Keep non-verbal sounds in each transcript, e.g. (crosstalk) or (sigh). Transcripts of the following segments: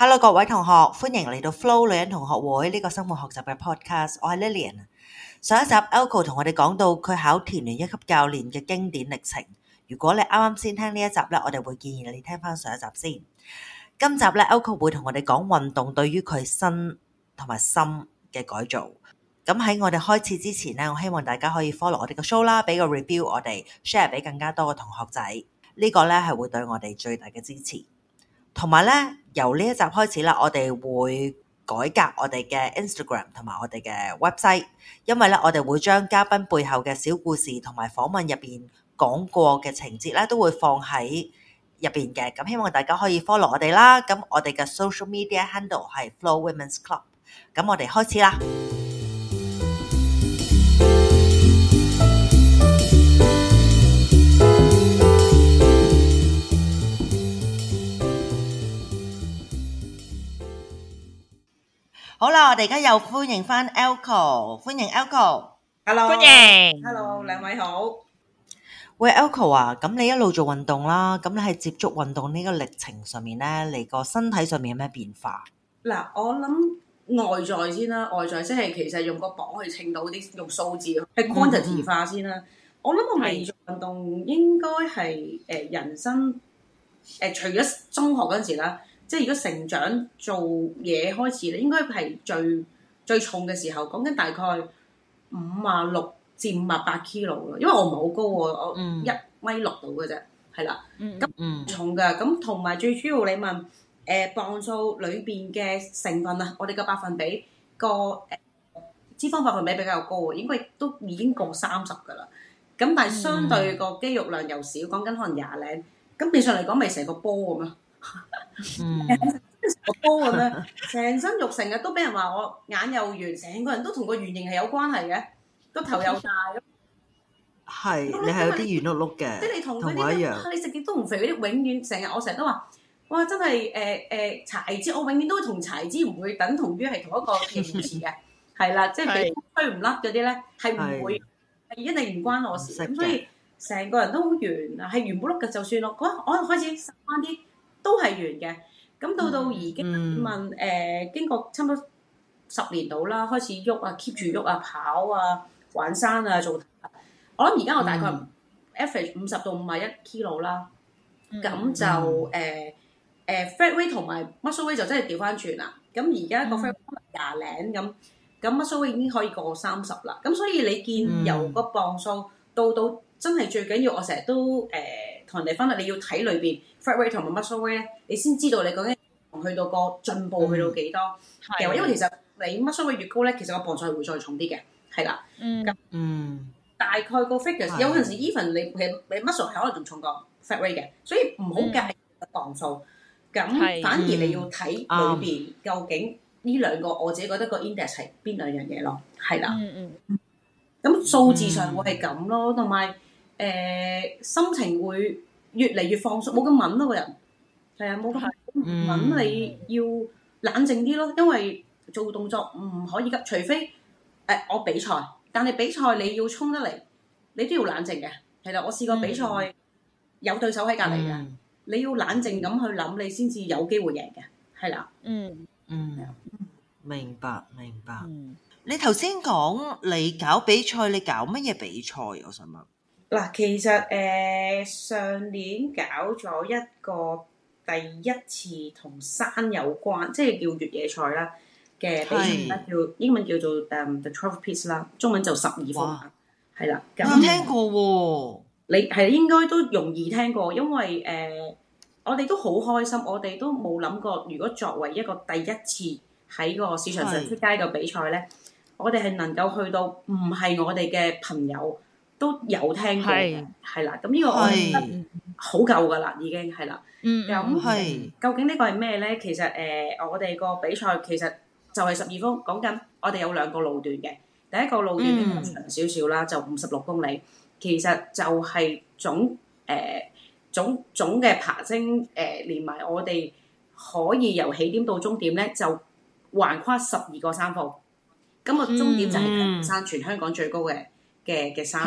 hello，各位同學，歡迎嚟到 Flo 女人同學會呢個生活學習嘅 podcast，我係 Lillian。上一集 Elco 同我哋講到佢考田聯一級教練嘅經典歷程。如果你啱啱先聽呢一集咧，我哋會建議你聽翻上一集先。今集咧，Elco 會同我哋講運動對於佢身同埋心嘅改造。咁喺我哋開始之前咧，我希望大家可以 follow 我哋嘅 show 啦，俾個 review，我哋 share 俾更加多嘅同學仔，這個、呢個咧係會對我哋最大嘅支持。同埋咧，由呢一集開始啦，我哋會改革我哋嘅 Instagram 同埋我哋嘅 website，因為咧我哋會將嘉賓背後嘅小故事同埋訪問入邊講過嘅情節咧，都會放喺入邊嘅。咁希望大家可以 follow 我哋啦。咁我哋嘅 social media handle 係 Flo Women’s Club。咁我哋開始啦。好啦，我哋而家又歡迎翻 Elco，歡迎 Elco，Hello 歡迎，hello，, Hello 兩位好。喂，Elco 啊，咁你一路做運動啦，咁你係接觸運動呢個歷程上面咧，你個身體上面有咩變化？嗱，我諗外在先啦，外在即係其實用個磅去稱到啲，用數字去 quantify 先啦。Mm hmm. 我諗我未做運動，應該係誒、呃、人生誒、呃、除咗中學嗰陣時啦。即係如果成長做嘢開始咧，應該係最最重嘅時候。講緊大概五啊六至五啊八 kilo 咯，因為我唔係好高喎，嗯、1 我一米六到嘅啫，係啦。咁、嗯嗯、重嘅，咁同埋最主要你問誒、呃、磅數裏邊嘅成分啊，我哋嘅百分比個誒、呃、脂肪百分比比較高喎，應該都已經過三十㗎啦。咁但係相對個肌肉量又少，講緊可能廿零。咁變相嚟講，咪成個波 a 咁啊！ (noise) 嗯，高咁樣，成身肉成日都俾人話我眼又圓，成個人都同個圓形係有關係嘅，個頭又大，係，你係啲圓碌碌嘅，即你同佢樣啲，你食嘢都唔肥，嗰啲永遠成日我成日都話，哇真係誒誒柴枝，我永遠都同柴枝唔會等同於係同一個形容嘅，係啦， (laughs) 即係推唔甩嗰啲咧，係唔會，的一定唔關我事。咁 (noise) 所以成個人都好圓啊，係圓碌碌嘅就算咯。我我開始瘦翻啲。都係完嘅，咁到到而家問誒、嗯呃，經過差唔多十年度啦，開始喐啊，keep 住喐啊，跑啊，玩山啊，做，我諗而家我大概 average 五十到五十一 kilo 啦，咁、嗯、就誒誒、嗯呃呃、fat weight 同埋 muscle weight 就真係調翻轉啦。咁而家個 fat weight 廿零咁，咁 muscle weight 已經可以過三十啦。咁所以你見由個磅數到到真係最緊要，我成日都誒。呃同人哋分啦，你要睇裏邊 fat rate 同埋 muscle weight 咧，你先知道你究竟去到個進步去到幾多。係、mm，hmm. 因為其實你 muscle weight 越高咧，其實個磅數係會再重啲嘅，係啦。嗯。咁嗯，大概個 figures、mm hmm. 有陣時 even 你其實你 muscle 係可能仲重過 fat rate 嘅，所以唔好計磅數。咁反而你要睇裏邊究竟呢兩個，我自己覺得個 index 係邊兩樣嘢咯。係啦。嗯嗯、mm。咁、hmm. 數字上會係咁咯，同埋。誒、呃、心情會越嚟越放鬆，冇咁敏咯個人，係啊、嗯，冇咁敏，你要冷靜啲咯。因為做動作唔可以急，除非誒、呃、我比賽，但係比賽你要衝得嚟，你都要冷靜嘅。係啦，我試過比賽、嗯、有對手喺隔籬嘅，嗯、你要冷靜咁去諗，你先至有機會贏嘅。係啦，嗯、嗯，明白明白。嗯、你頭先講你搞比賽，你搞乜嘢比賽？我想問。嗱，其實誒上年搞咗一個第一次同山有關，即係叫越野賽啦嘅比賽，叫英文叫做誒 The Twelve Peaks 啦，中文就十二峰。係啦，咁有聽過喎？你係應該都容易聽過，因為誒我哋都好開心，我哋都冇諗過，如果作為一個第一次喺個市場上出街嘅比賽咧，我哋係能夠去到唔係我哋嘅朋友。都有聽過嘅，係啦是，咁呢個我覺得好夠㗎啦，已經係啦。咁究竟個呢個係咩咧？其實誒、呃，我哋個比賽其實就係十二峰，講緊我哋有兩個路段嘅，第一個路段比較長少少啦，嗯、就五十六公里，其實就係總誒總總嘅爬升誒、呃，連埋我哋可以由起點到終點咧，就橫跨十二個山峰。咁個終點就係太平山，全香港最高嘅，嗯嘅、嘅山，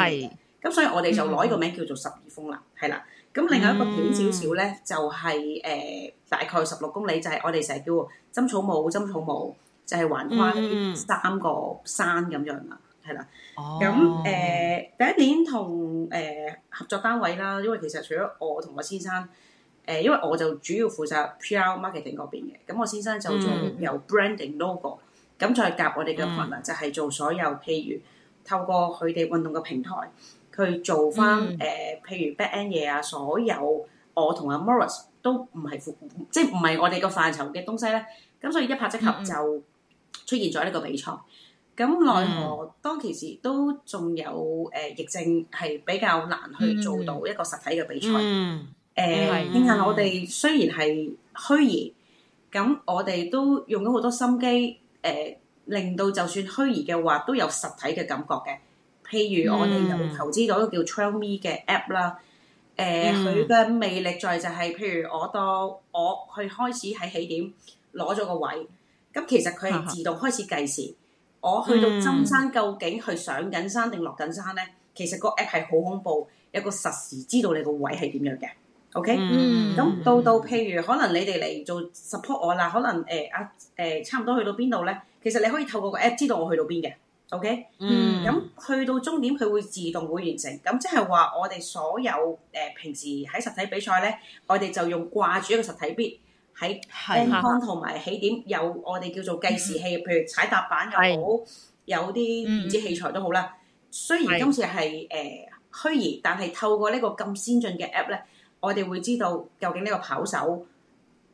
咁所以我哋就攞呢個名叫做十二峰啦，係啦、mm.。咁另外一個短少少咧，就係、是、誒、呃、大概十六公里，就係、是、我哋成日叫針草帽，針草帽就係橫跨呢三個山咁樣啦，係啦、mm.。咁誒、呃、第一年同誒、呃、合作單位啦，因為其實除咗我同我先生，誒、呃、因為我就主要負責 PR marketing 嗰邊嘅，咁我先生就做由 branding logo，咁、mm. 再夾我哋嘅品牌就係做所有譬如。透過佢哋運動嘅平台，去做翻誒、呃，譬如 back end 嘢啊，所有我同阿 Morris 都唔係副，即係唔係我哋個範疇嘅東西咧。咁所以一拍即合就出現咗呢個比賽。咁奈何當其時都仲有誒、呃、疫症，係比較難去做到一個實體嘅比賽。誒，然後我哋雖然係虛擬，咁、嗯、我哋都用咗好多心機誒、呃令到就算虛擬嘅話都有實體嘅感覺嘅，譬如我哋有投資到一個叫 Trail Me 嘅 app 啦、呃。誒、嗯，佢嘅魅力在就係、是，譬如我到我去開始喺起點攞咗個位，咁其實佢係自動開始計時。嗯、我去到針山，究竟去上緊山定落緊山咧？其實個 app 係好恐怖，有個實時知道你個位係點樣嘅。OK，咁、嗯嗯、到到譬如可能你哋嚟做 support 我嗱，可能誒阿誒差唔多去到邊度咧？其實你可以透過個 app 知道我去到邊嘅，OK？嗯，咁、嗯、去到終點佢會自動會完成。咁即係話我哋所有誒、呃、平時喺實體比賽咧，我哋就用掛住一個實體 bit 喺同埋起點有我哋叫做計時器，嗯、譬如踩踏板又好，的有啲唔知、嗯、器材都好啦。雖然今次係誒、呃、虛擬，但係透過呢個咁先進嘅 app 咧，我哋會知道究竟呢個跑手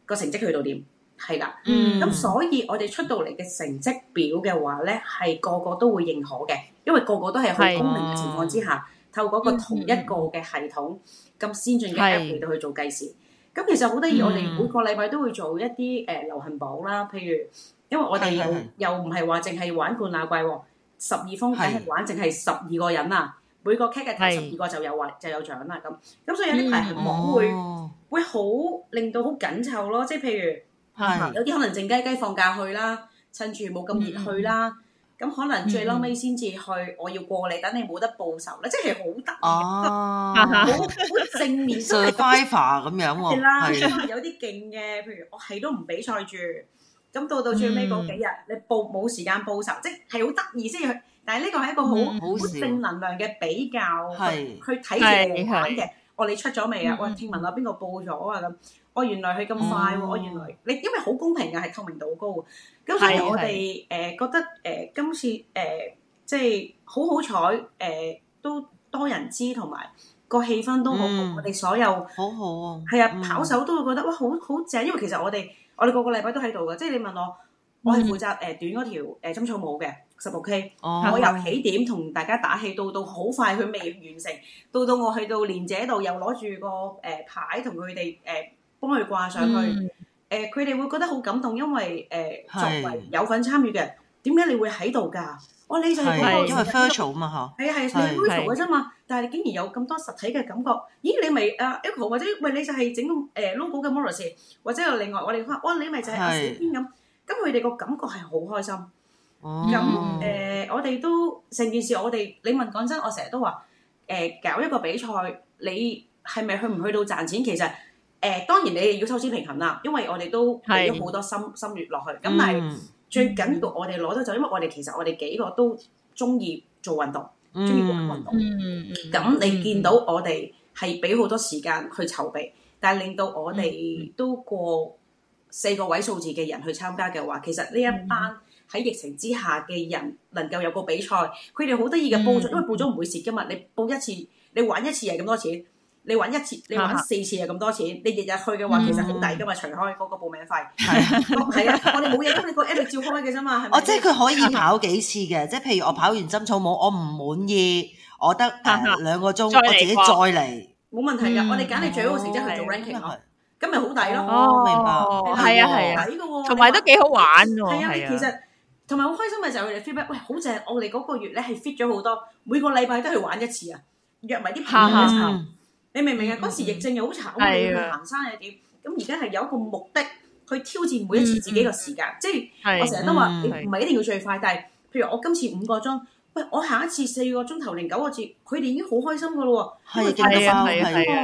個成績去到點。係啦，咁、嗯、所以我哋出到嚟嘅成績表嘅話咧，係個個都會認可嘅，因為個個都係好公明嘅情況之下，哦、透過個同一個嘅系統咁、嗯、先進嘅 app 嚟到去做計時。咁是其實好得意，嗯、我哋每個禮拜都會做一啲誒、呃、流行榜啦，譬如因為我哋是又唔係話淨係玩冠亞季喎，十二峰梗係玩，淨係十二個人啊，每個 cat 嘅頭十二個就有話是就有獎啦咁。咁所以有啲排行榜會會好令到好緊湊咯，即係譬如。係，有啲可能靜雞雞放假去啦，趁住冇咁熱去啦，咁可能最撈尾先至去，我要過嚟等你冇得報仇咧，即係好得意，好好正面都係 d i v 咁樣，係啦，有啲勁嘅，譬如我係都唔比賽住，咁到到最尾嗰幾日，你報冇時間報仇，即係好得意即係，但係呢個係一個好好正能量嘅比較，去去睇人玩嘅，我哋出咗未啊？喂，聽聞啊邊個報咗啊咁？原嗯、我原來佢咁快喎！我原來你因為好公平嘅，係透明度好高，咁所以我哋誒是、呃、覺得誒、呃、今次誒、呃、即係好好彩誒，都多人知同埋個氣氛都好好，嗯、我哋所有好好啊！係啊是，嗯、跑手都會覺得哇，好好正，因為其實我哋我哋個個禮拜都喺度嘅，即係你問我，我係負責誒短嗰條誒針草帽嘅十六 K、嗯、我由起點同大家打氣到到好快佢未完成，到到我去到連者度又攞住個誒牌同佢哋誒。幫佢掛上去，誒佢哋會覺得好感動，因為誒、呃、是作為有份參與嘅人，點解你會喺度㗎？哇、哦！你就係嗰個 Elco 嘛？嗬是，係啊係，你 Elco 嘅啫嘛，但係竟然有咁多實體嘅感覺，咦？你咪啊 Elco 或者喂你就係整誒 logo 嘅 Morris，或者又另外我哋開，哇、呃！你咪就係阿小編咁，咁佢哋個感覺係好開心。咁誒、哦嗯呃，我哋都成件事我，我哋你問講真，我成日都話誒搞一個比賽，你係咪去唔去到賺錢？其實。誒、呃，當然你哋要收支平衡啦，因為我哋都俾咗好多心是心血落去。咁、嗯、但係最緊要我哋攞得就，因為我哋其實我哋幾個都中意做運動，中意、嗯、玩運動。咁、嗯、你見到我哋係俾好多時間去籌備，但係令到我哋都過四個位數字嘅人去參加嘅話，其實呢一班喺疫情之下嘅人能夠有個比賽，佢哋好得意嘅報咗，嗯、因為報咗唔會蝕噶嘛，你報一次，你玩一次係咁多錢。你玩一次，你玩四次又咁多錢。你日日去嘅話，其實好抵噶嘛，除開嗰個報名費。係係啊，我哋冇嘢，咁你個 app 照開嘅啫嘛，係咪？哦，即係佢可以跑幾次嘅，即係譬如我跑完針草舞，我唔滿意，我得誒兩個鐘，我自己再嚟，冇問題噶。我哋揀你最好嘅成績去做 ranking，咁咪好抵咯。哦，明白。係啊，係啊，抵嘅喎。同埋都幾好玩喎。係啊，其實同埋好開心嘅就係佢哋 fit 不？喂，好正！我哋嗰個月咧係 fit 咗好多，每個禮拜都去玩一次啊，約埋啲朋友一齊。你明唔明啊？嗰時疫症又好慘，我哋去行山又點？咁而家係有一個目的去挑戰每一次自己嘅時間，即係我成日都話唔係一定要最快，但係譬如我今次五個鐘，喂，我下一次四個鐘頭零九個字，佢哋已經好開心噶咯喎，都見到分毫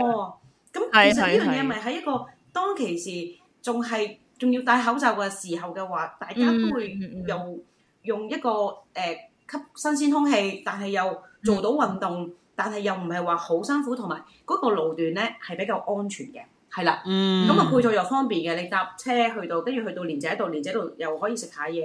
喎。咁其實呢樣嘢咪喺一個當其時仲係仲要戴口罩嘅時候嘅話，大家都會用用一個誒吸新鮮空氣，但係又做到運動。但係又唔係話好辛苦，同埋嗰個路段咧係比較安全嘅，係啦。嗯。咁啊，配套又方便嘅，你搭車去到，跟住去到連仔度，連仔度又可以食下嘢。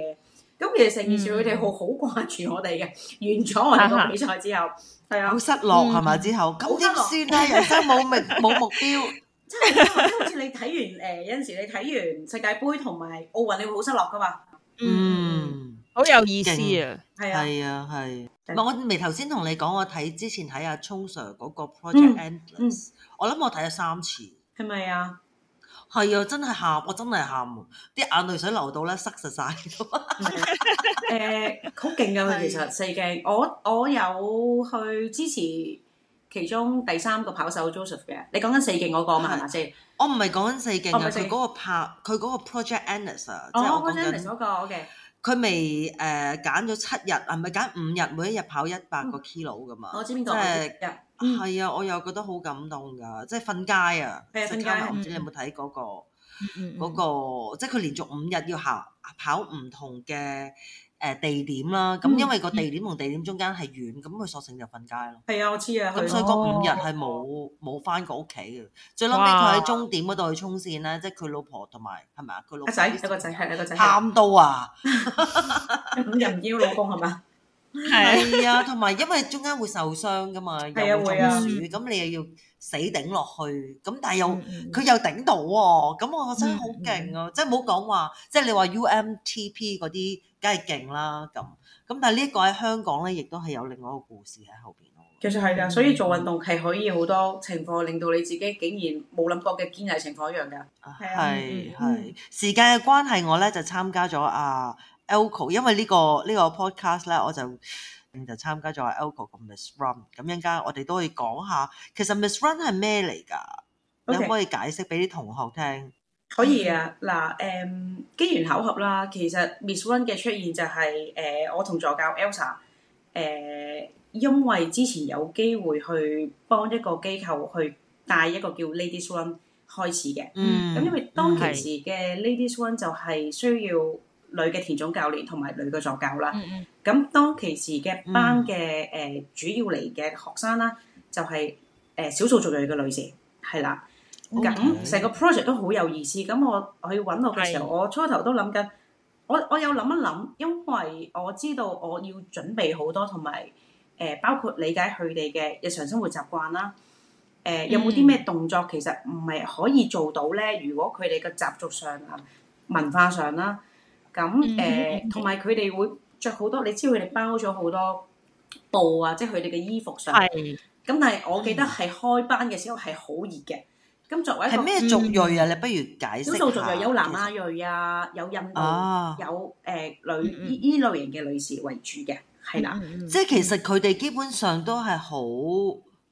咁其實成件事佢哋好好掛住我哋嘅，完咗我哋個比賽之後，係啊哈，好的失落係嘛？之後好失落啊！人生冇冇 (laughs) 目標， (laughs) 真係，即係好似你睇完誒有陣時你睇完世界盃同埋奧運，你會好失落噶嘛？吧嗯。好有意思啊！係啊，係唔係？我未頭先同你講，我睇之前睇阿 Chau Sir 嗰個 Project Endless 我諗我睇咗三次，係咪啊？係啊！真係喊，我真係喊，啲眼淚水流到咧塞實晒。誒，好勁噶嘛！其實四鏡，我我有去支持其中第三個跑手 Joseph 嘅。你講緊四鏡嗰個嘛？係咪先？我唔係講緊四鏡啊！佢嗰個拍，佢個 Project Endless 啊，即係我講緊嗰個嘅。佢未誒揀咗七日，係咪揀五日？每一日跑一百個 kilo 噶嘛，我知道，係啊！我又覺得好感動噶，即係瞓街啊！瞓街，唔知你有冇睇嗰個嗰個，嗯嗯嗯嗯、即係佢連續五日要行跑唔同嘅。誒地點啦，咁因為個地點同地點中間係遠，咁佢索性就瞓街咯。係啊，我知啊。咁所以嗰五日係冇冇翻過屋企嘅。最後尾佢喺終點嗰度去衝線啦，即係佢老婆同埋係咪啊？佢老婆個仔，個仔係啊，個仔喊到啊！五日唔要老公係咪？係啊，同埋因為中間會受傷噶嘛，又會中暑，咁你又要死頂落去，咁但係又佢又頂到喎，咁我真係好勁啊！即係唔好講話，即係你話 U M T P 嗰啲。梗係勁啦，咁咁但係呢一個喺香港咧，亦都係有另外一個故事喺後邊咯。其實係㗎，嗯、所以做運動係可以好多情況、嗯、令到你自己竟然冇諗過嘅堅毅情況一樣㗎。係係、嗯、時間嘅關係我呢，我咧就參加咗啊 Elco，因為、這個這個、呢個呢個 podcast 咧，我就就參加咗阿、啊、Elco 同 Miss Run，咁陣間我哋都可以講下，其實 Miss Run 係咩嚟㗎？有冇 Okay. 可以解釋俾啲同學聽？可以啊，嗱、啊，誒、嗯，機緣巧合啦，其實 Miss Run 嘅出現就係、是、誒、呃，我同助教 Elsa，誒、呃，因為之前有機會去幫一個機構去帶一個叫 Ladies Run 開始嘅，咁因為當其時嘅 Ladies Run 就係需要女嘅田總教練同埋女嘅助教啦，咁、嗯嗯、當其時嘅班嘅誒、嗯呃、主要嚟嘅學生啦，就係誒少數族裔嘅女士，係啦。咁成、mm hmm。個 project 都好有意思。咁我佢揾我嘅時候，是我初頭都諗緊，我我有諗一諗，因為我知道我要準備好多，同埋誒包括理解佢哋嘅日常生活習慣啦。誒、呃、有冇啲咩動作其實唔係可以做到咧？如果佢哋嘅習俗上、文化上啦，咁誒同埋佢哋會着好多，你知佢哋包咗好多布啊，即係佢哋嘅衣服上。咁是但係我記得係開班嘅時候係好熱嘅。咁作為一個，係咩族裔啊？嗯、你不如解釋下。少數族裔有南亞裔啊，有印度，啊、有誒、呃、女依依、嗯嗯、類型嘅女士為主嘅，係啦。即係其實佢哋基本上都係好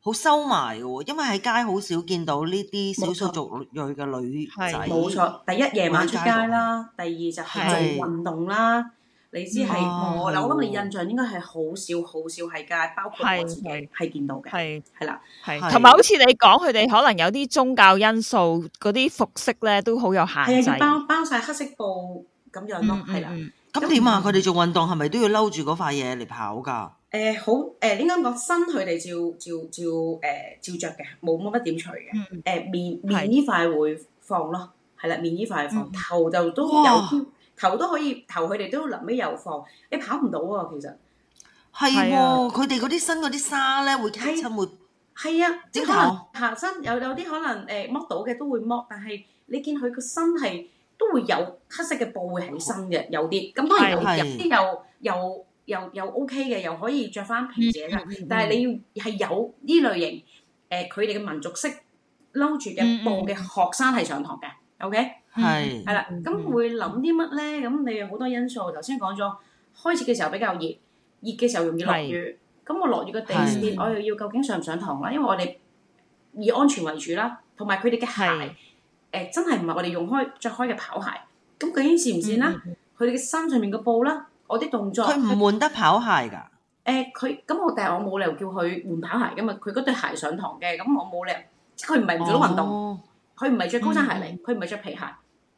好收埋嘅喎，因為喺街好少見到呢啲少數族裔嘅女仔。冇錯，冇錯，第一夜晚出街啦，第二就係做運動啦。你知，係我嗱，我諗你印象應該係好少好少係㗎，包括我自己係見到嘅，係啦，係同埋好似你講，佢哋可能有啲宗教因素，嗰啲服飾咧都好有限制，包包晒黑色布咁樣咯，係啦。咁點啊？佢哋做運動係咪都要嬲住嗰塊嘢嚟跑㗎？誒好誒，點講講身佢哋照照照誒照着嘅，冇乜乜點除嘅。誒面，面呢塊會放咯，係啦，面呢塊放，頭就都有。頭都可以，頭佢哋都臨尾又放，你跑唔到啊，其實。係喎，佢哋嗰啲新嗰啲沙咧會黐浸，會係啊，即係可能下身有有啲可能誒剝到嘅都會剝，但係你見佢個身係都會有黑色嘅布會喺身嘅，有啲。咁當然有啲又又又又 O K 嘅，又可以着翻平底嘅，但係你要係有呢類型誒佢哋嘅民族式撈住嘅布嘅學生係上堂嘅，O K。係，係啦，咁會諗啲乜咧？咁你有好多因素，頭先講咗，開始嘅時候比較熱，熱嘅時候容易落雨。咁是我落雨嘅地點，是我又要究竟上唔上堂啦？因為我哋以安全為主啦，同埋佢哋嘅鞋，誒是、欸、真係唔係我哋用開着開嘅跑鞋。咁究竟跣唔跣啦？佢哋嘅身上面嘅布啦，我啲動作，佢唔換得跑鞋㗎。誒，佢、呃、咁我但係我冇理由叫佢換跑鞋嘅嘛。佢嗰對鞋上堂嘅，咁我冇理由。佢唔係唔做到運動，佢唔係着高踭鞋嚟，佢唔係着皮鞋。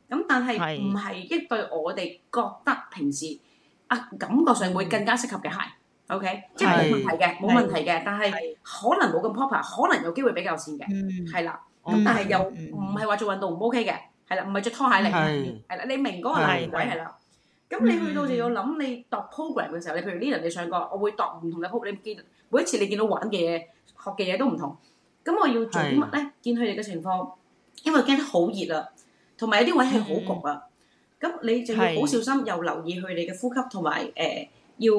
咁但係唔係一對我哋覺得平時啊感覺上會更加適合嘅鞋，OK，即係冇問題嘅，冇問題嘅。但係可能冇咁 proper，可能有機會比較跣嘅，係啦。咁但係又唔係話做運動唔 OK 嘅，係啦，唔係着拖鞋嚟嘅，係啦。你明嗰個大軌係啦。咁你去到就要諗你度 program 嘅時候，你譬如呢人 o 你上過，我會度唔同嘅 program。你記得每一次你見到玩嘅嘢、學嘅嘢都唔同，咁我要做啲乜咧？見佢哋嘅情況，因為驚得好熱啦。同埋有啲位係好焗啊，咁你就要好小心，又留意佢哋嘅呼吸，同埋誒要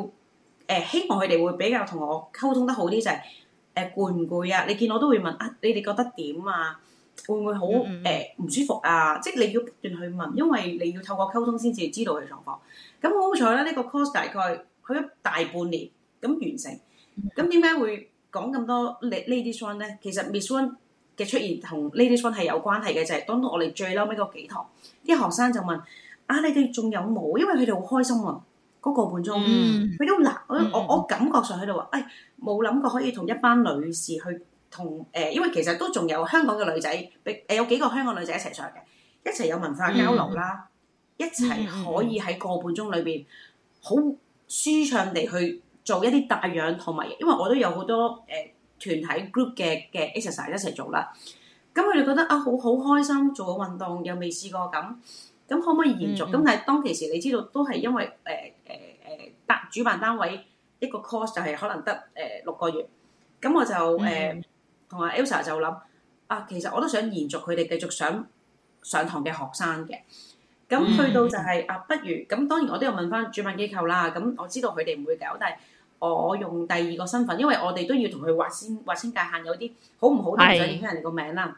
誒希望佢哋會比較同我溝通得好啲，就係誒攰唔攰啊？你見我都會問啊，你哋覺得點啊？會唔會好誒唔舒服啊？即係你要不斷去問，因為你要透過溝通先至知道佢狀況。咁好彩啦，呢個 course 大概去咗大半年，咁完成。咁點解會講咁多呢啲 Ladies Run 咧？其實 Miss Run 嘅出現同呢啲 lady 係有關係嘅，就係、是、當到我哋最嬲尾嗰幾堂，啲學生就問：啊，你哋仲有冇？因為佢哋好開心啊！嗰、那個半鐘，佢、嗯、都嗱，我、嗯、我，我感覺上喺度話，誒冇諗過可以同一班女士去同誒、呃，因為其實都仲有香港嘅女仔，誒有幾個香港女仔一齊上嘅，一齊有文化交流啦，嗯、一齊可以喺個半鐘裏邊好舒暢地去做一啲帶氧，同埋因為我都有好多誒。呃團體 group 嘅嘅 exercise 一齊做啦，咁佢哋覺得啊，好好開心，做個運動又未試過咁，咁可唔可以延續？咁、mm hmm. 但係當其時你知道都係因為誒誒誒，單、呃呃、主辦單位一個 course 就係可能得誒、呃、六個月，咁我就誒同埋 Elsa 就諗啊，其實我都想延續佢哋繼續上上堂嘅學生嘅，咁去到就係、是 mm hmm. 啊，不如咁當然我都有問翻主辦機構啦，咁我知道佢哋唔會搞，但係。我用第二個身份，因為我哋都要同佢劃先劃清界限，有啲好唔好就唔想影響人哋個名啦。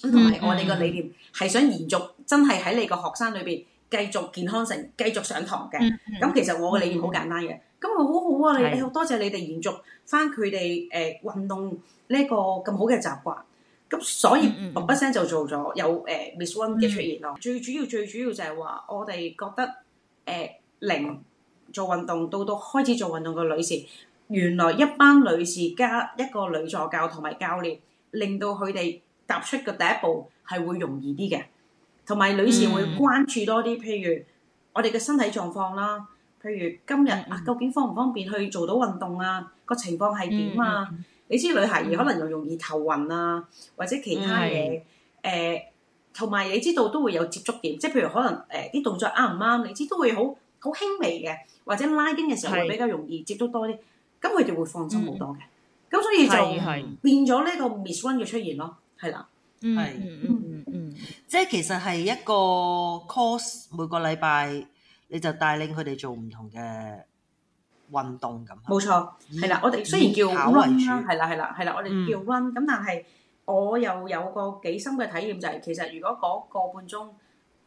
咁同埋我哋個理念係想延續，真係喺你個學生裏邊繼續健康成，繼續上堂嘅。咁其實我個理念好簡單嘅。咁啊，好好啊，你你多謝你哋延續翻佢哋誒運動呢個咁好嘅習慣。咁所以，冇乜聲就做咗有誒 Miss Run 嘅出現咯。最主要最主要就係話，我哋覺得誒零。做運動到到開始做運動嘅女士，原來一班女士加一個女助教同埋教練，令到佢哋踏出嘅第一步係會容易啲嘅。同埋女士會關注多啲，譬如我哋嘅身體狀況啦，譬如今日啊，究竟方唔方便去做到運動啊？個情況係點啊？嗯嗯、你知女孩兒可能又容易頭暈啊，嗯、或者其他嘢。誒、嗯，同埋、呃、你知道都會有接觸點，即係譬如可能誒啲、呃、動作啱唔啱？你知都會好。好輕微嘅，或者拉筋嘅時候會比較容易是接觸多啲，咁佢哋會放鬆好多嘅，咁、嗯、所以就變咗呢個 Miss Run 嘅出現咯，係啦，嗯嗯嗯嗯，即係其實係一個 course 每個禮拜你就帶領佢哋做唔同嘅運動咁。冇錯，係啦，我哋雖然叫 Run 啦，係啦係啦，係啦我哋叫 Run 咁、嗯，但係我又有個幾深嘅體驗就係、是、其實如果嗰個半鐘。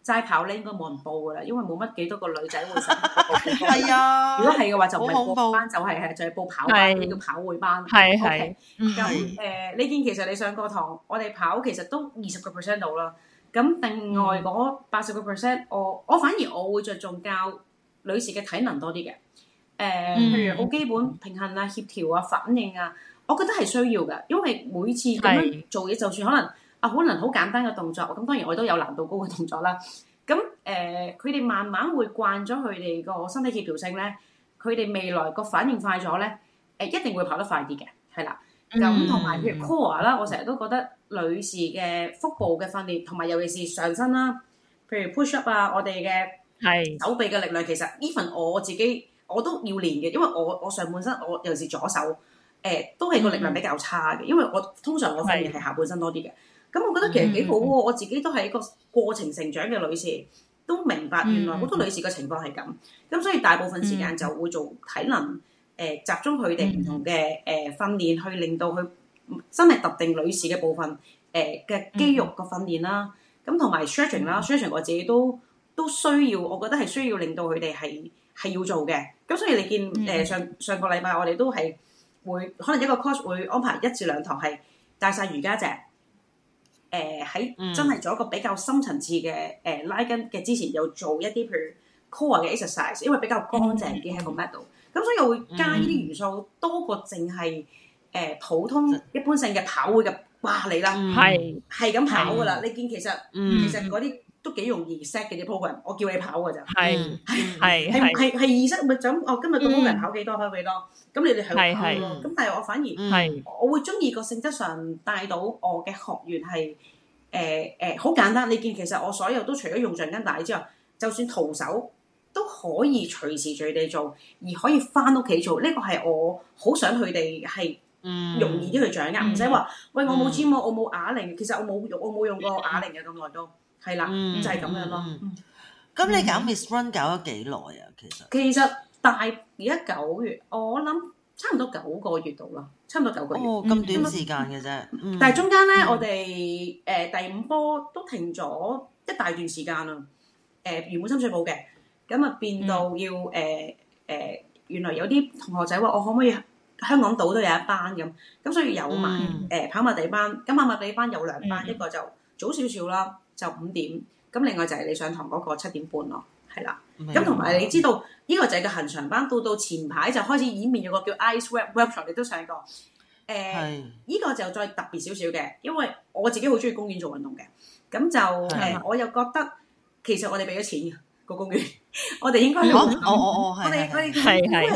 齋跑咧應該冇人報噶啦，因為冇乜幾多個女仔會上 (laughs) 係啊，如果係嘅話就唔係報班，就係係，就係報跑班是叫跑會班。係係。咁誒、呃，你見其實你上過堂，我哋跑其實都二十個 percent 到啦。咁另外嗰八十個 percent，我、嗯、我反而我會着重教女士嘅體能多啲嘅。誒、呃、好、嗯、基本平衡啊、協調啊、反應啊，我覺得係需要嘅，因為每次咁樣做嘢，就算是是可能。啊，可能好簡單嘅動作，咁當然我都有難度高嘅動作啦。咁誒，佢、呃、哋慢慢會慣咗佢哋個身體協調性咧，佢哋未來個反應快咗咧，誒、呃、一定會跑得快啲嘅，係啦。咁同埋譬如 core 啦，我成日都覺得女士嘅腹部嘅訓練，同埋尤其是上身啦，譬如 push up 啊，我哋嘅手臂嘅力量，其實 Even 我自己我都要練嘅，因為我我上半身我尤其是左手，誒、呃、都係個力量比較差嘅，嗯、因為我通常我訓練係下半身多啲嘅。的咁我覺得其實幾好喎、啊，我自己都係一個過程成長嘅女士，都明白原來好多女士嘅情況係咁。咁、嗯嗯、所以大部分時間就會做體能，誒、呃、集中佢哋唔同嘅誒、呃、訓練，去令到佢真係特定女士嘅部分，誒、呃、嘅肌肉個訓練啦。咁同埋 stretching 啦 stretching 我自己都都需要，我覺得係需要令到佢哋係係要做嘅。咁、嗯嗯、所以你見誒、呃、上上個禮拜我哋都係會可能一個 course 會安排一至兩堂係帶晒瑜伽啫。誒喺、呃、真係做一個比較深層次嘅誒、呃、拉筋嘅之前，又做一啲譬如 core 嘅 exercise，因為比較乾淨啲喺個 mat 度、嗯，咁所以會加呢啲元素多過淨係誒普通一般性嘅跑會嘅話你啦，係係咁跑噶啦，的你見其實、嗯、其實嗰啲。都幾容易 set 嘅啲 program，我叫你跑嘅咋？係係係係係二 set 咪就咁哦，今日個 program 跑幾多跑幾、嗯、多，咁你哋向跑咯。咁是、嗯、但係我反而是的、嗯、我會中意個性質上帶到我嘅學員係誒誒好簡單。你見其實我所有都除咗用橡筋帶之外，就算徒手都可以隨時隨地做，而可以翻屋企做。呢、這個係我好想佢哋係容易啲去掌握，唔使話喂我冇 gym，我冇啞鈴。其實我冇用我冇用過啞鈴嘅咁耐都。係啦，嗯、就係咁樣咯。咁、嗯嗯、你搞 Miss Run 搞咗幾耐啊？其實其實、嗯、大而家九月，我諗差唔多九個月度啦，差唔多九個月。哦，咁短時間嘅啫。嗯、但係中間咧，嗯、我哋誒、呃、第五波都停咗一大段時間啊。誒、呃、原本深水埗嘅，咁啊變到要誒誒、嗯呃，原來有啲同學仔話：我可唔可以香港島都有一班咁？咁所以有埋誒、呃、跑馬地班，咁馬馬地班有兩班，一個就早少少啦。嗯就五點咁，另外就係你上堂嗰個七點半咯，係啦。咁同埋你知道呢、呢個就係個恆常班。到到前排就開始演變，咗個叫 Ice Web, Workshop 你都上過。誒、呃，呢的個就再特別少少嘅，因為我自己好中意公園做運動嘅，咁就的、呃、我又覺得其實我哋俾咗錢個公園，我哋應該、哦哦哦、我們的我我我哋我哋因為因為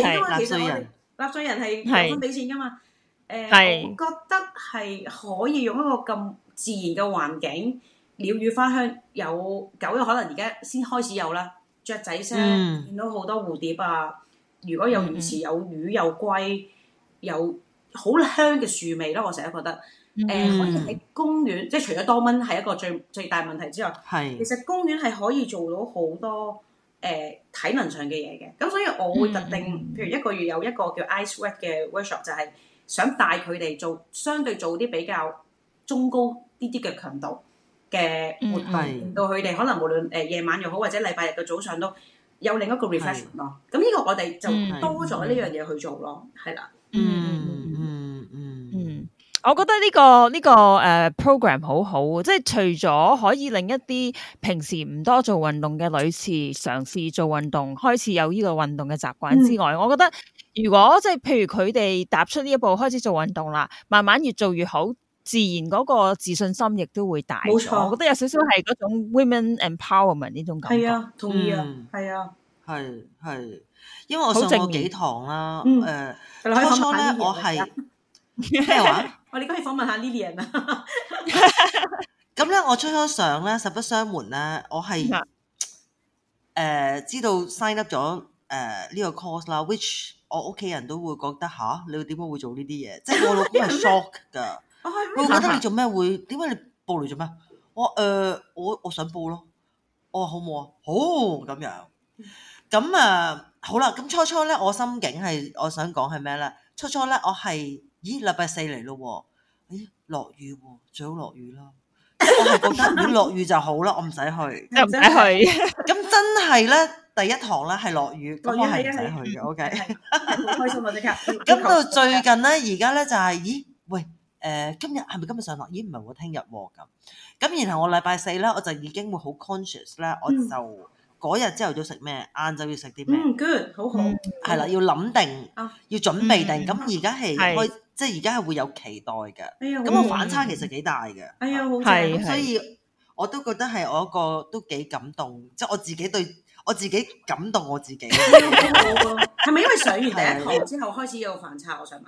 其實我哋，稅納稅人係冇咁俾錢噶嘛。誒，我覺得係可以用一個咁自然嘅環境。鳥語花香，有狗又可能而家先開始有啦，雀仔聲，見到好多蝴蝶啊！如果有魚池，有魚有龜，有好香嘅樹味咯，我成日覺得。嗯呃、可以喺公園，即係除咗多蚊係一個最最大問題之外，是其實公園係可以做到好多誒、呃、體能上嘅嘢嘅。咁所以我會特定，嗯、譬如一個月有一個叫 Ice Sweat 嘅 workout 就係想帶佢哋做相對做啲比較中高啲啲嘅強度嘅活動，到佢哋可能無論誒夜晚又好，或者禮拜日嘅早上都有另一個 refreshment 咯是。咁呢、嗯嗯、個我哋就多咗呢樣嘢去做咯，係啦、嗯。嗯嗯嗯嗯，我覺得呢、呢個呢、呢個誒 program 好好，即、就、係、是、除咗可以令一啲平時唔多做運動嘅女士嘗試做運動，開始有呢個運動嘅習慣之外，嗯、我覺得如果即係譬如佢哋踏出呢一步開始做運動啦，慢慢越做越好。自然嗰個自信心亦都會大。冇錯，我覺得有少少係嗰種 women empowerment 呢種感覺。係啊，同意啊，係啊，係係。因為我上過幾堂啦，誒，初初咧我係咩話？我哋可以訪問下 Lillian 啊。咁咧，我初初上咧，實不相瞞咧，我係誒知道 sign up 咗誒呢個 course 啦，which 我屋企人都會覺得吓，你點解會做呢啲嘢？即係我老公係 shock 噶。我、哦嗯、會覺得你做咩會？點解你報嚟做咩？我誒、呃，我我想報咯。我話好冇啊，好咁樣。咁、嗯、啊、嗯嗯嗯嗯，好啦。咁、嗯、初初咧，我心境係我想講係咩咧？初初咧，我係咦禮拜四嚟咯，咦落雨喎，最好落雨啦。 (laughs) 我係覺得唔落雨就好啦，我唔使去，唔使、 (laughs) 嗯、去。咁真係咧，第一堂咧係落雨，咁雨我係唔使去嘅。O K，好開心啊！即刻。咁到最近咧，而家咧就係、是、咦、欸、喂。喂喂喂喂誒，今日係咪今日上落？咦，唔係喎，聽日喎咁。咁然後我禮拜四咧，我就已經會好 conscious 咧，我就嗰日朝頭早食咩，晏晝要食啲咩。嗯，good，好好。係啦，要諗定，要準備定。咁而家係開，即係而家係會有期待嘅。哎咁我反差其實幾大嘅。哎呀，好，係所以我都覺得係我一個都幾感動，即係我自己對我自己感動我自己。係咪因為上完第一堂之後開始有反差？我想問。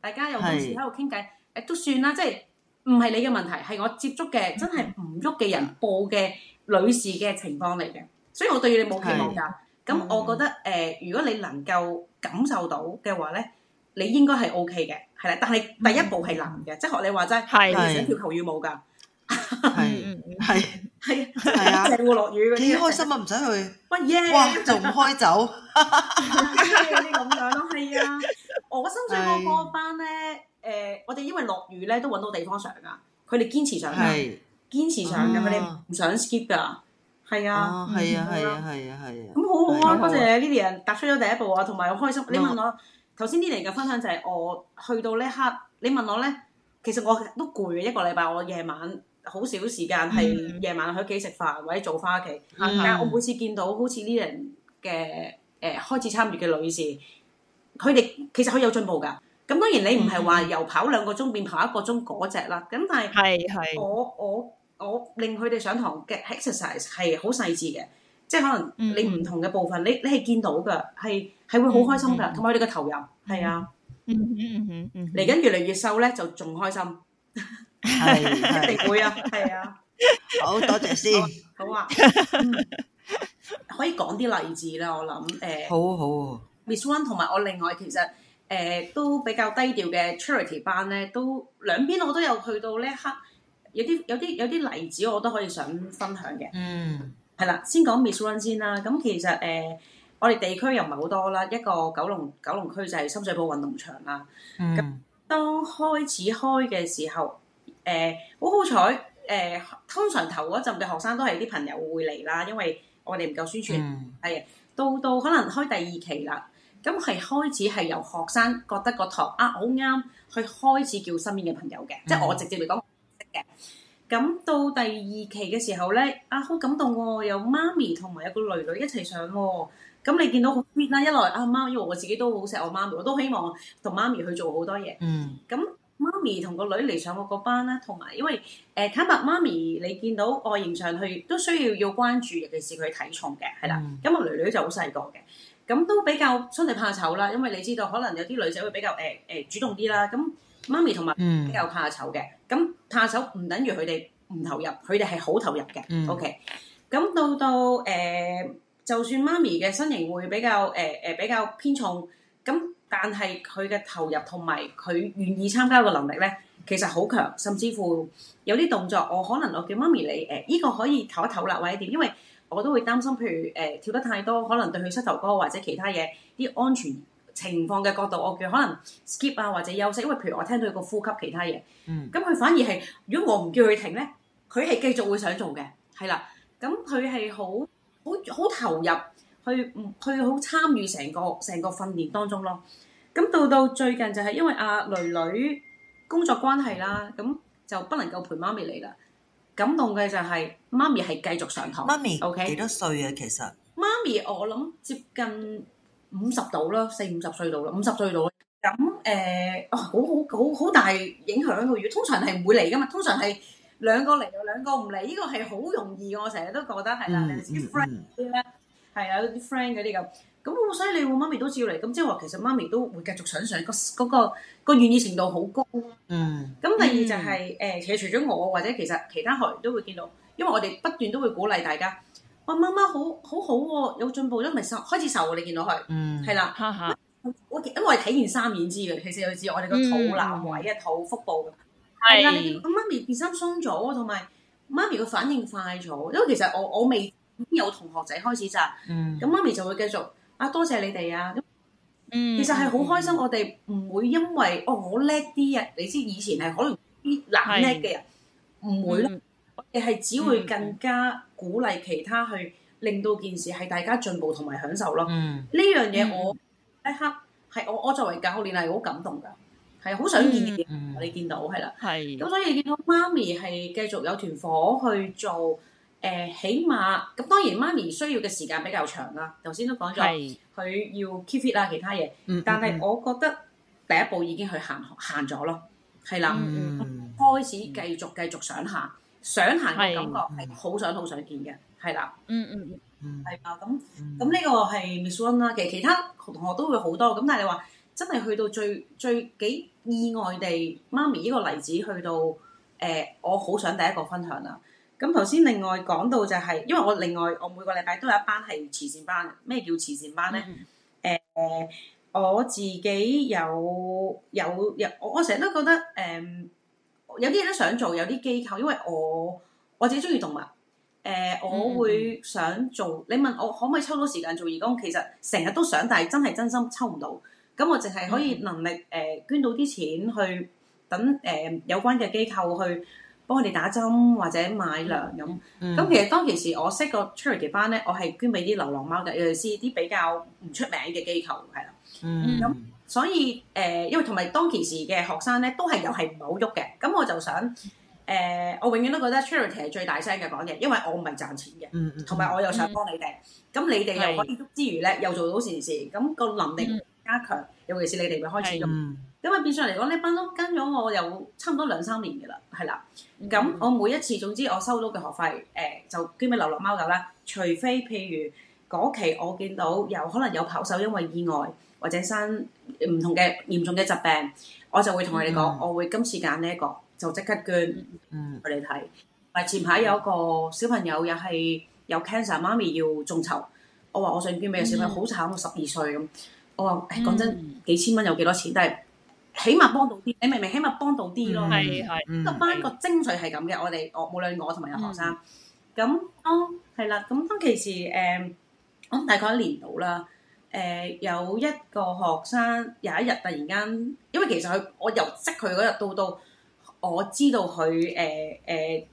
大家又同時喺度傾偈，誒都是算啦，即係唔係你嘅問題，係我接觸嘅 mm hmm. 真係唔喐嘅人報嘅女士嘅情況嚟嘅，所以我對你冇期望㗎。咁是我覺得誒，mm hmm. 呃，如果你能夠感受到嘅話咧，你應該係 O K 嘅，係啦。但係第一步係難嘅，mm hmm. 即係學你話齋，mm hmm. 你想跳求雨舞㗎，係。係啊，正喎落雨嗰啲，幾開心啊，唔使去。哇耶！仲開走，咁樣咯，係啊。我深圳嗰嗰班咧，誒，我哋因為落雨咧，都揾到地方上噶。佢哋堅持上去，堅持上噶，你唔想 skip 噶。係啊，係啊，係啊，係啊，係啊。咁好好啊，多謝 Lily 踏出咗第一步啊，同埋好開心。你問我頭先 Lily 嘅分享就係我去到呢刻，你問我咧，其實我都攰啊，一個禮拜我夜晚。好少時間係夜晚喺屋企食飯，或者做返屋企。但係我每次見到好似呢啲人嘅誒開始參與嘅女士，佢哋其實可以有進步㗎。咁當然你唔係話由跑兩個鐘變跑一個鐘嗰隻啦。咁但係我我我令佢哋上堂嘅 exercise 係好細緻嘅，即係可能你唔同嘅部分，你你係見到嘅，係係會好開心㗎。同埋你嘅投入係啊，嗯嗯嗯嗯，嚟緊越嚟越瘦咧，就仲開心。係 (laughs) 一定會啊，係啊 (laughs) 好，好 (laughs) 多謝先， (laughs) 好啊，可以講啲例子啦，我諗誒，呃、好好 Miss Run 同埋我另外其實誒、呃、都比較低調嘅 charity 班咧，都兩邊我都有去到呢一刻，有啲有啲有啲例子我都可以想分享嘅，嗯，係啦，先講 Miss Run 先啦，咁其實誒、呃、我哋地區又唔係好多啦，一個九龍九龍區就係深水埗運動場啦，咁、嗯。當開始開嘅時候，誒、呃，好好彩，誒、呃，通常頭嗰陣嘅學生都係啲朋友會嚟啦，因為我哋唔夠宣傳，係、嗯，到到可能開第二期啦，咁係開始係由學生覺得個堂啊好啱，去開始叫身邊嘅朋友嘅，嗯、即係我直接嚟講，識嘅，咁到第二期嘅時候咧，啊好感動喎、哦，有媽咪同埋有個女女一齊上喎、哦。咁你見到好 fit 啦，一來阿媽，因為我自己都好錫我媽咪，我都希望同媽咪去做好多嘢。嗯。咁媽咪同個女嚟上我個班啦，同埋因為誒坦白媽咪，你見到外形上去都需要要關注，尤其是佢體重嘅，係啦。咁、嗯、個女女就好細個嘅，咁都比較相對怕醜啦。因為你知道，可能有啲女仔會比較誒誒、呃呃、主動啲啦。咁媽咪同埋比較怕醜嘅，咁怕醜唔等於佢哋唔投入，佢哋係好投入嘅。O K、嗯。咁到到誒。呃就算媽咪嘅身形會比較誒誒、呃、比較偏重，咁但係佢嘅投入同埋佢願意參加嘅能力咧，其實好強，甚至乎有啲動作我可能我叫媽咪你誒，呢、呃這個可以唞一唞啦，或者點，因為我都會擔心，譬如誒、呃、跳得太多，可能對佢膝頭哥或者其他嘢啲安全情況嘅角度，我叫可能 skip 啊或者休息，因為譬如我聽到佢嘅呼吸其他嘢，嗯，咁佢反而係如果我唔叫佢停咧，佢係繼續會想做嘅，係啦，咁佢係好。好好投入，去去好參與成個成個訓練當中咯。咁到到最近就係因為阿囡囡工作關係啦，咁就不能夠陪媽咪嚟啦。感動嘅就係、是、媽咪係繼續上堂，媽咪 OK 幾多歲啊？其實媽咪我諗接近五十度啦，四五十歲度啦，五十歲度啦。咁誒，哦、呃，好好好好大影響佢，通常係唔會嚟㗎嘛，通常係。兩個嚟又兩個唔嚟，呢個係好容易。我成日都覺得係啦，有啲 friend 啲咧，係有啲 friend 嗰啲咁。咁所以你會媽咪都照嚟，咁即係話其實媽咪都會繼續想上，嗰嗰個個願意程度好高。嗯。咁第二就係誒，其實除咗我，或者其實其他學員都會見到，因為我哋不斷都會鼓勵大家。哇，媽媽好好好喎，有進步啦，咪受開始受你見到佢。嗯。係啦。哈哈。我因為睇完三眼知嘅，其實有時我哋個肚腩位啊，肚腹部。係，是但係媽咪件衫鬆咗，同埋媽咪個反應快咗。因為其實我我未有同學仔開始咋，咁、嗯、媽咪就會繼續啊！多謝你哋啊！嗯、其實係好開心，我哋唔會因為哦我叻啲啊，你知以前係可能啲懶叻嘅人唔會咯，嗯、我哋係只會更加鼓勵其他去令到件事係大家進步同埋享受咯。呢、嗯嗯、樣嘢我一刻係我我作為教練係好感動噶。係好想見嘅，你見到係啦。係、hmm. 咁的，所以見到媽咪係繼續有團火去做，誒、呃、起碼咁當然媽咪需要嘅時間比較長啦。頭先都講咗，佢的要 keep fit 啦，其他嘢。Mm hmm. 但係我覺得第一步已經去行行咗咯，係啦。嗯、mm hmm. 開始繼續繼續想行，想行嘅感覺係好想好想見嘅，係啦、mm。嗯嗯嗯，係啊、mm。咁咁呢個係 Miss Run 啦，其實其他同學都會好多。咁但係你話真係去到最最幾？最最最最最最意外地，媽咪呢個例子去到，誒、呃，我好想第一個分享啦。咁頭先另外講到就係、是，因為我另外我每個禮拜都有一班係慈善班。咩叫慈善班咧？誒、mm hmm. 呃，我自己有有有，我成日都覺得誒、呃，有啲嘢都想做，有啲機構，因為我我自己鍾意動物。誒、呃，我會想做。Mm hmm. 你問我可唔可以抽到時間做義工？其實成日都想，但係真係真心抽唔到。咁我淨係可以能力誒捐到啲錢去等誒、呃、有關嘅機構去幫佢哋打針或者買糧咁。咁、嗯、其實當其時我識個 charity 班咧，我係捐俾啲流浪貓嘅，尤其是啲比較唔出名嘅機構，係啦。咁、嗯、所以誒、呃，因為同埋當其時嘅學生咧，都係有係唔好喐嘅。咁我就想誒、呃，我永遠都覺得 charity 係最大聲嘅講嘢，因為我唔係賺錢嘅，同埋我又想幫你哋。咁、嗯嗯、你哋又可以喐之餘咧，又做到善事，咁個能力、嗯。加強，尤其是你哋咪開始咁。因為的、嗯、變相嚟講呢班都跟咗我有差唔多兩三年嘅啦，係啦。咁、嗯、我每一次總之我收到嘅學費，誒、欸、就捐俾流浪貓狗啦。除非譬如嗰期我見到有可能有跑手因為意外或者生唔同嘅嚴重嘅疾病，我就會同佢哋講，嗯、我會今次揀呢一個，就即刻捐佢哋睇。咪、嗯嗯、前排有一個小朋友又係有 cancer，媽咪要眾籌，我話我想捐俾個小朋友，好慘啊，十二歲咁。嗯嗯我講、oh，真幾千蚊有幾多錢，但係起碼幫到啲，你明明起碼幫到啲咯。係係，咁 (noise) 班樂、嗯嗯、個精髓係咁嘅。我哋我無論我同埋有學生，咁當係啦，咁當、嗯、其時誒，我、嗯、大概一年到啦。誒、嗯、有一個學生有一日突然間，因為其實佢我由識佢嗰日到到我知道佢誒誒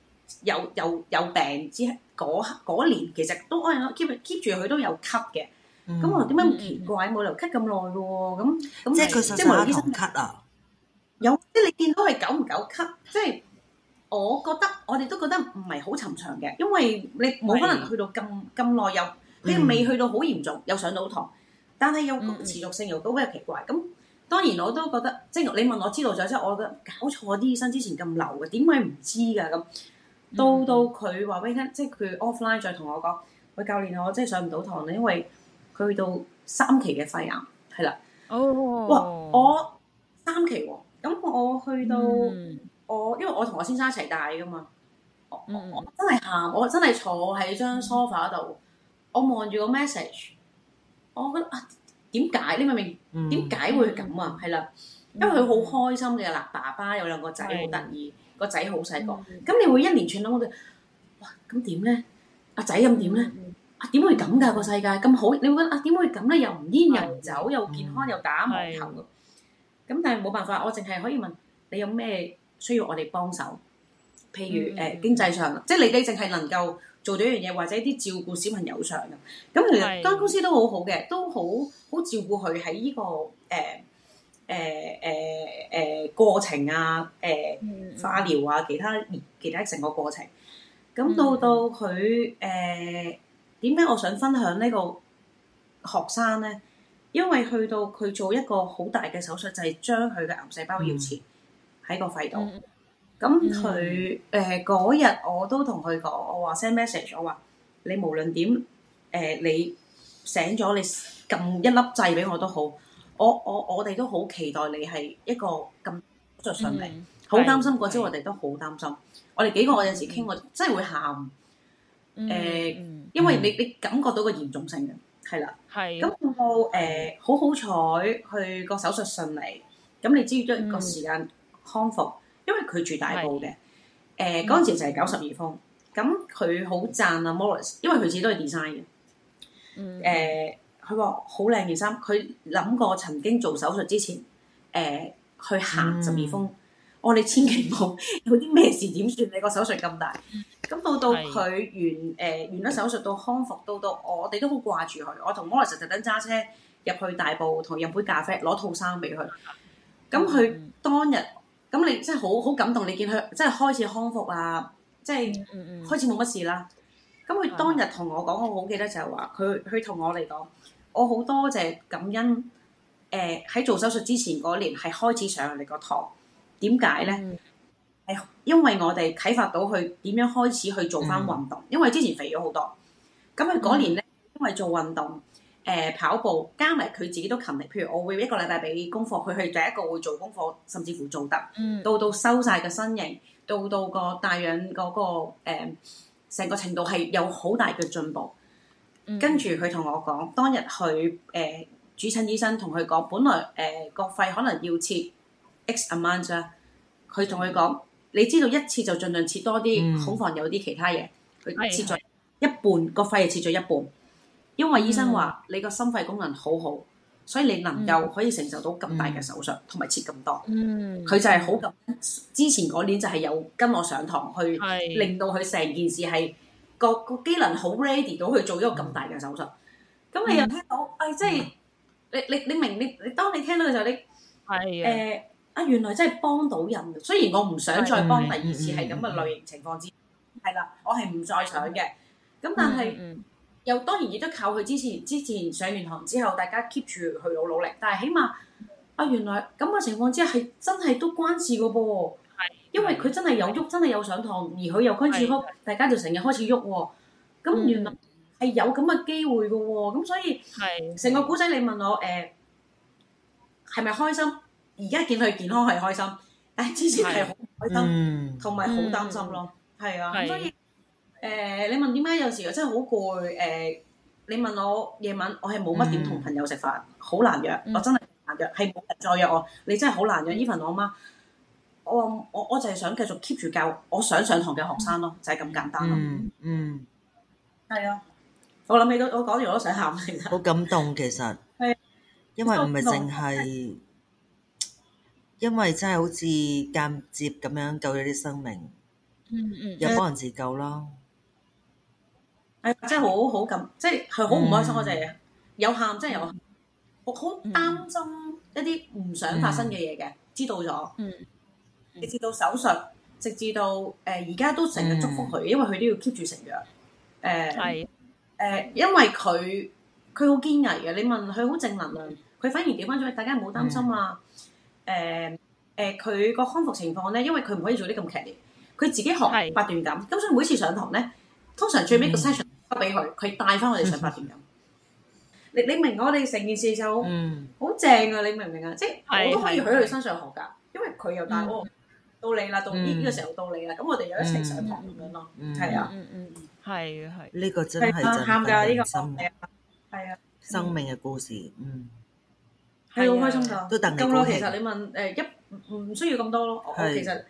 有有有，有病之嗰嗰年，其實都安安 keep keep 住佢都有級嘅。咁、嗯、我點解唔奇怪冇理由咳咁耐咯喎？咁、就是、即係佢即係冇醫生咳啊 (coughs) ？有即係你見到係久唔久咳？即係我覺得我哋都覺得唔係好尋常嘅，因為你冇可能去到咁咁耐又你未去到好嚴重又上到堂，但係又持續性又高嘅奇怪。咁、嗯、當然我都覺得即係你問我知道咗即係我覺得搞錯啲醫生之前咁流嘅點解唔知㗎咁？到到佢話畀你聽，即係佢 offline 再同我講，喂，教練我真係上唔到堂咧，因為。去到三期嘅肺癌，係啦。哦，oh. 哇！我三期喎、啊、咁、嗯、我去到、嗯、我，因為我同我先生一齊帶噶嘛。我、嗯、我真係喊，我真係坐喺張 sofa 度，我望住個 message，我覺得啊，點解？你明唔明？點解、嗯、會咁啊？係啦，因為佢好開心嘅啦，爸爸有兩個仔，好得意，個仔好細個。咁、嗯、你會一連串到我哋，哇！咁點咧？阿仔又點咧？啊！點會咁㗎、mm hmm. 個世界咁好？你覺得啊？點會咁咧？又唔煙 (noise) 又唔酒又健康又打網球嘅？咁、mm hmm. 但係冇辦法，我淨係可以問你有咩需要我哋幫手？譬如誒、呃、經濟上，即係你哋淨係能夠做咗一樣嘢，或者啲照顧小朋友上咁。咁其實間公司都好好嘅，都好好照顧佢喺呢個誒誒誒誒過程啊，誒化療啊，其他其他成個過程。咁、嗯嗯、到到佢誒。呃點解我想分享呢個學生咧？因為去到佢做一個好大嘅手術，就係、是、將佢嘅癌細胞要切喺、嗯、個肺度。咁佢誒嗰日我都同佢講，我話 send message，我話你無論點誒、呃、你醒咗，你撳一粒掣俾我都好。我我我哋都好期待你係一個咁着上嚟，好、嗯嗯嗯、擔心嗰朝我哋都好擔心。我哋幾個我有時傾我、嗯、真係會喊。誒，嗯嗯、因為你你感覺到個嚴重性嘅，係啦。係的。咁我誒好好彩去個手術順利。咁你知要一個時間康復、嗯，因為佢住大埔嘅。誒的，嗰陣、呃、時就係九十二峯，咁佢好讚啊 Morris，因為佢自己都係 design 嘅。嗯。誒、呃，佢話好靚件衫，佢諗過曾經做手術之前，誒、呃、去行十二峯，我哋千祈唔好有啲咩事點算？你個 (laughs) 手術咁大。咁到到佢完誒的、呃、完咗手術到康復，到到我哋都好掛住佢。我同 Mothers 特登揸車入去大埔，同飲杯咖啡，攞套衫俾佢。咁佢當日咁、嗯嗯、你真係好好感動。你見佢即係開始康復啊，即係開始冇乜事啦。咁佢、嗯嗯、當日同我講，我好記得就係話，佢佢同我嚟講，我好多謝感恩。誒、呃、喺做手術之前嗰年係開始上你個堂，點解咧？嗯因為我哋啟發到佢點樣開始去做翻運動，嗯、因為之前肥咗好多。咁佢嗰年咧，嗯、因為做運動，誒、呃、跑步，加埋佢自己都勤力。譬如我會一個禮拜俾功課，佢去第一個會做功課，甚至乎做得。嗯、到到收晒個身形，到到個帶氧嗰個誒，成、呃、個程度係有好大嘅進步。嗯、跟住佢同我講，當日佢誒、呃、主診醫生同佢講，本來誒個肺可能要切 X amount 啊，佢同佢講。你知道一次就盡量切多啲，恐防有啲其他嘢，佢切咗一半，個肺又切咗一半。因為醫生話你個心肺功能好好，所以你能夠可以承受到咁大嘅手術，同埋切咁多。佢就係好咁。之前嗰年就係有跟我上堂去，令到佢成件事係個個機能好 ready 到去做一個咁大嘅手術。咁你又聽到，哎，即係你你你明？你你當你聽到嘅時候，你係啊？啊，原來真係幫到人嘅。雖然我唔想再幫第二次係咁嘅類型情況之，係啦，我係唔再想嘅。咁但係、mm, mm, 又當然亦都靠佢之前之前上完堂之後，大家 keep 住去好努力。但係起碼啊，原來咁嘅情況之下，係真係都關事個噃，因為佢真係有喐，真係有上堂，mm, mm, 而佢又開始喐，yeah, is 大家就成日開始喐喎。咁原來係有咁嘅機會嘅喎，咁 yeah.、mm, mm. 所以成個古仔你問我誒係咪開心？是而家見佢健康係開心，唉，之前係好唔開心，同埋好擔心咯，係啊的、嗯，所以誒、呃，你問點解有時又真係好攰？誒、呃，你問我夜晚我係冇乜點同朋友食飯，好、嗯、難約，我真係難約，係冇人再約我，你真係好難約。Even 我媽，我我我就係想繼續 keep 住教我想上堂嘅學生咯，就係、是、咁簡單咯。嗯嗯，係啊，我諗起都我講完我都想喊。好感動其實，因為唔係淨係。嗯因為真係好似間接咁樣救咗啲生命，嗯嗯，又幫人自救咯。係真係好好咁，即係佢好唔開心，嗰隻嘢有喊，真係有喊。我好擔心一啲唔想發生嘅嘢嘅，知道咗。直至到手術，直至到誒，而家都成日祝福佢，因為佢都要 keep 住食藥。誒，誒，因為佢佢好堅毅嘅，你問佢好正能量，佢反而掉翻咗去。大家唔好擔心啊。誒誒，佢個康復情況咧，因為佢唔可以做啲咁劇烈，佢自己學八段錦，咁所以每次上堂咧，通常最尾個 session 都俾佢，佢帶翻我哋上八段錦。你你明我哋成件事就好正啊！你明唔明啊？即係我都可以喺佢身上學㗎，因為佢又帶我到你啦，到呢呢個時候到你啦，咁我哋又一齊上堂咁樣咯，係啊，嗯係啊係，呢個真係真嘅生命，係啊，生命嘅故事，嗯。係好開心噶，咁咯。其實你問誒一唔唔需要咁多咯。我其實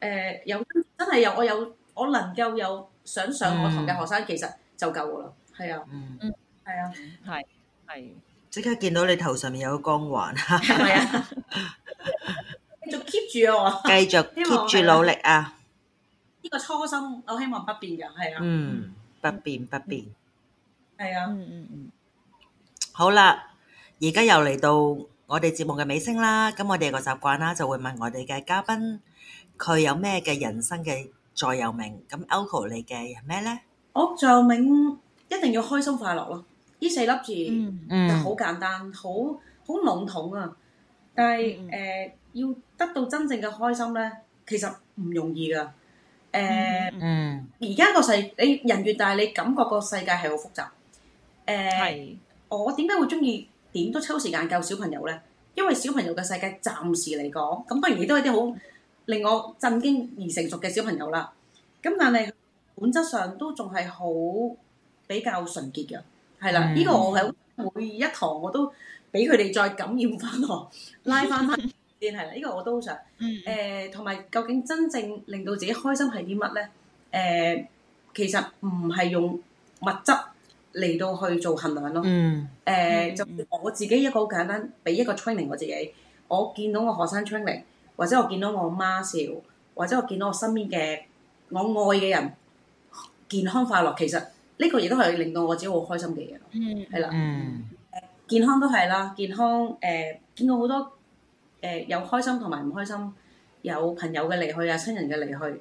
誒有真係有我有我能夠有想上我堂嘅學生，其實就夠噶啦。係啊，嗯，係啊，係係。即刻見到你頭上面有個光環，係啊，繼續 keep 住我，繼續 keep 住努力啊！呢個初心我希望不變嘅，係啊，嗯，不變不變，係啊，嗯嗯嗯，好啦。而家又嚟到我哋節目嘅尾聲啦，咁我哋有個習慣啦，就會問我哋嘅嘉賓，佢有咩嘅人生嘅座右銘？咁 Elco 你嘅係咩咧？我座右銘一定要開心快樂咯，呢四粒字好簡單，好好籠統啊。但係誒，要得到真正嘅開心咧，其實唔容易噶。誒，而家個世，你人越大，你感覺個世界係好複雜。誒，係，我點解會中意？點都抽時間教小朋友咧，因為小朋友嘅世界暫時嚟講，咁當然亦都係啲好令我震驚而成熟嘅小朋友啦。咁但係本質上都仲係好比較純潔嘅，係啦。呢、呢個我喺每一堂我都俾佢哋再感染翻我，拉翻翻先係啦。依、 (laughs) 呢個我都好想誒，同埋、 (laughs) 欸、究竟真正令到自己開心係啲乜咧？誒、欸，其實唔係用物質，嚟到去做衡量咯，誒、嗯呃、就我自己一個好簡單，俾一個 training 我自己，我見到我學生 training，或者我見到我媽笑，或者我見到我身邊嘅我愛嘅人健康快樂，其實呢個亦都係令到我自己好開心嘅嘢，係啦，健康都係啦，健康誒，見到好多誒、呃、有開心同埋唔開心，有朋友嘅離去啊，親人嘅離去，誒、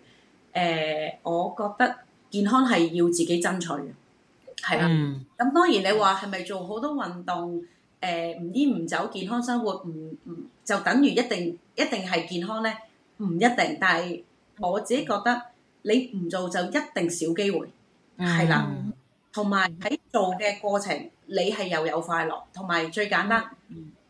呃、我覺得健康係要自己爭取嘅。係啦，嗯，咁當然你話係咪做好多運動？誒唔煙唔酒健康生活，唔唔就等於一定一定係健康咧？唔一定，但係我自己覺得你唔做就一定少機會，係啦。同埋喺做嘅過程，你係又有快樂，同埋最簡單，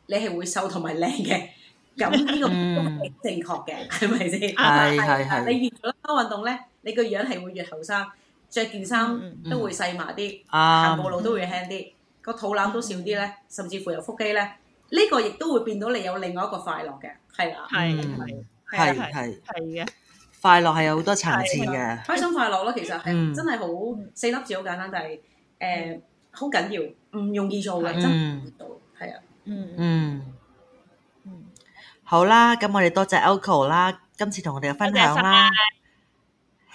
你係會瘦同埋靚嘅。咁呢個都正確嘅，係咪先？係係係。你越做多運動咧，你個樣係會越後生。着件衫都會細碼啲，行步路都會輕啲，個肚腩都少啲咧，甚至乎有腹肌咧，呢個亦都會變到你有另外一個快樂嘅，係啦，係係係係係嘅，快樂係有好多層次嘅，開心快樂咯，其實係真係好四粒字好簡單，但係誒好緊要，唔容易做嘅，真係，係啊，嗯嗯嗯，好啦，咁我哋多謝 Elco 啦，今次同我哋嘅分享啦。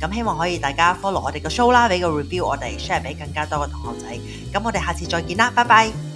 咁希望可以大家 follow 我哋嘅 show 啦，俾個 review 我哋，share 俾更加多嘅同學仔。咁我哋下次再見啦，拜拜。